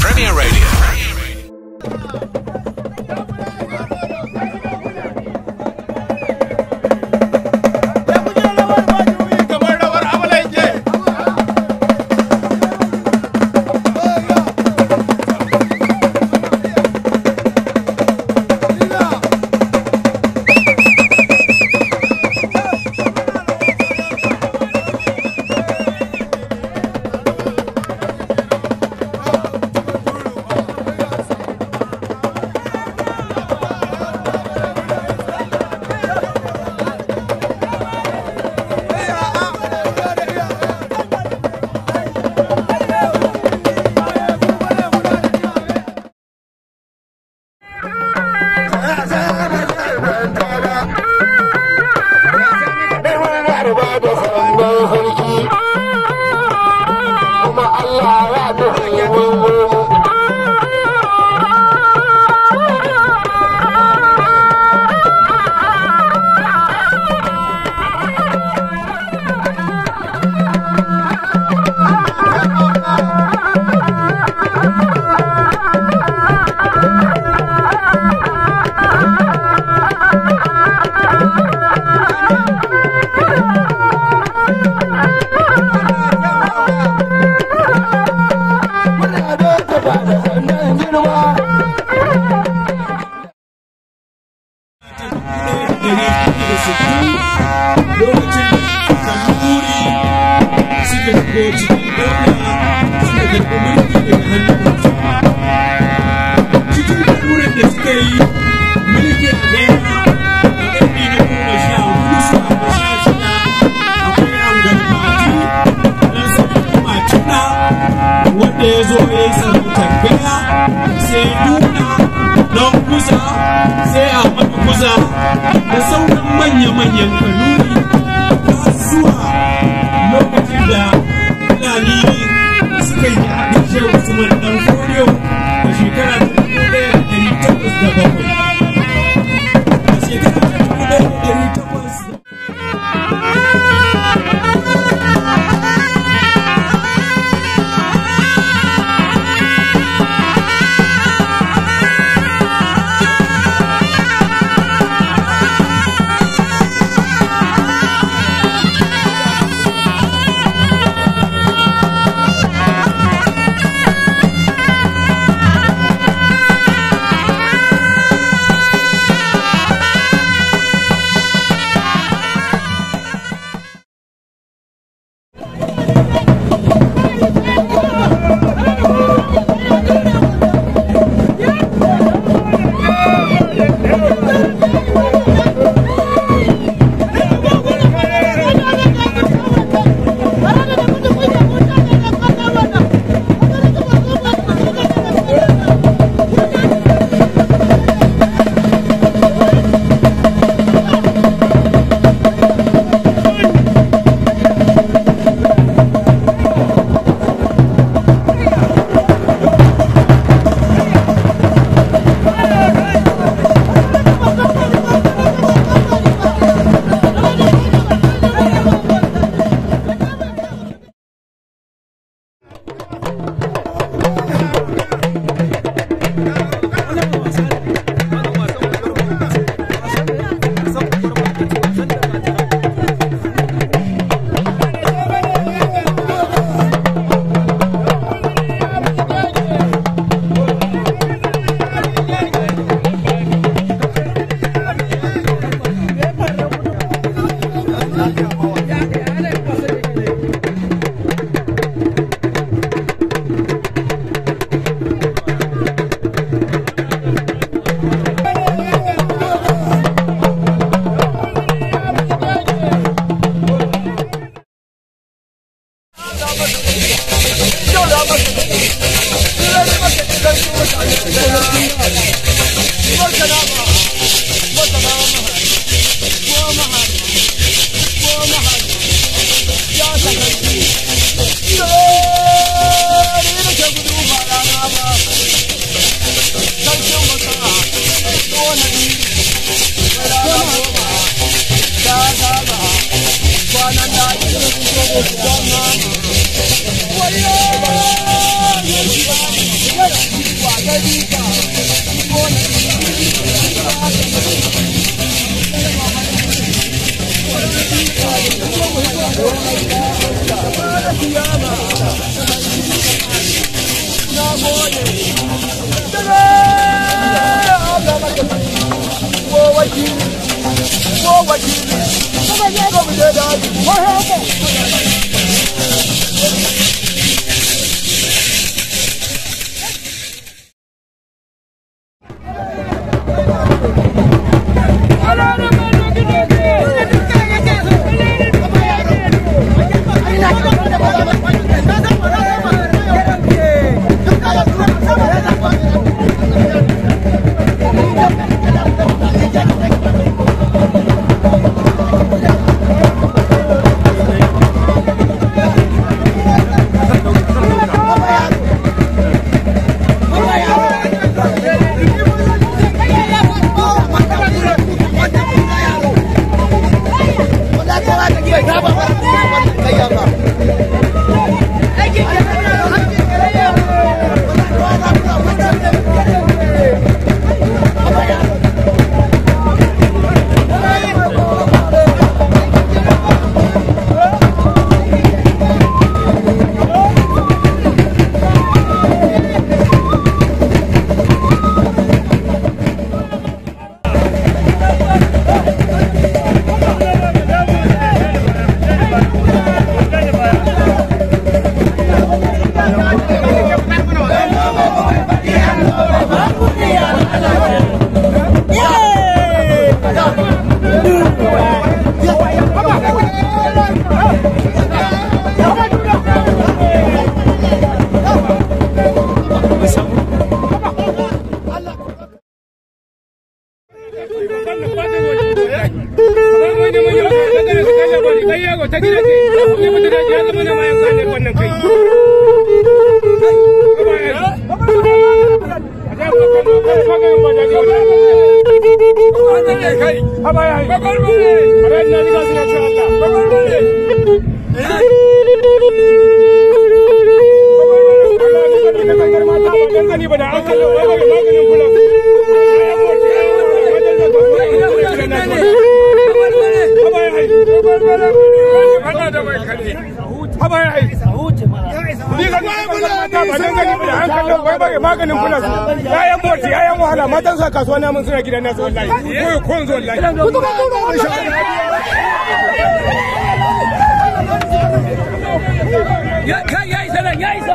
Premier Radio. Thank you. kuza da sauran manya-manyan kanuni zuwa lokacin da fulani suka yi abin shehu usman dan a shekara ta Come on, come on. What you Where are you? What happened? kai habaya babar bare bare ne ga maganin kula su yayan morti yayan wahala matan sa kasuwa na mun suna gidan nasu wallahi ko ko wallahi ya kai ya isa ya isa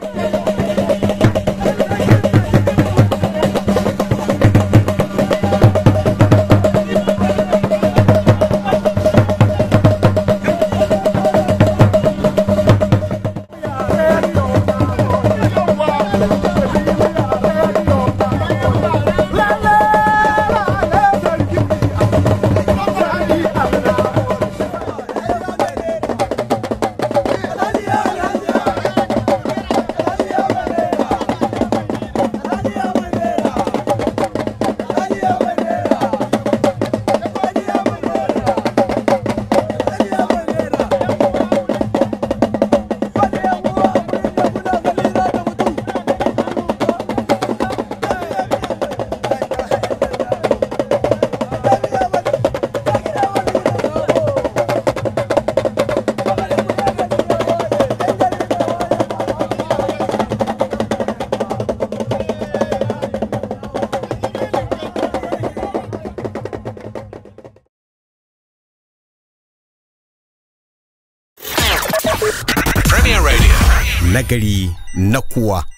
Thank you. nagari na kuwa.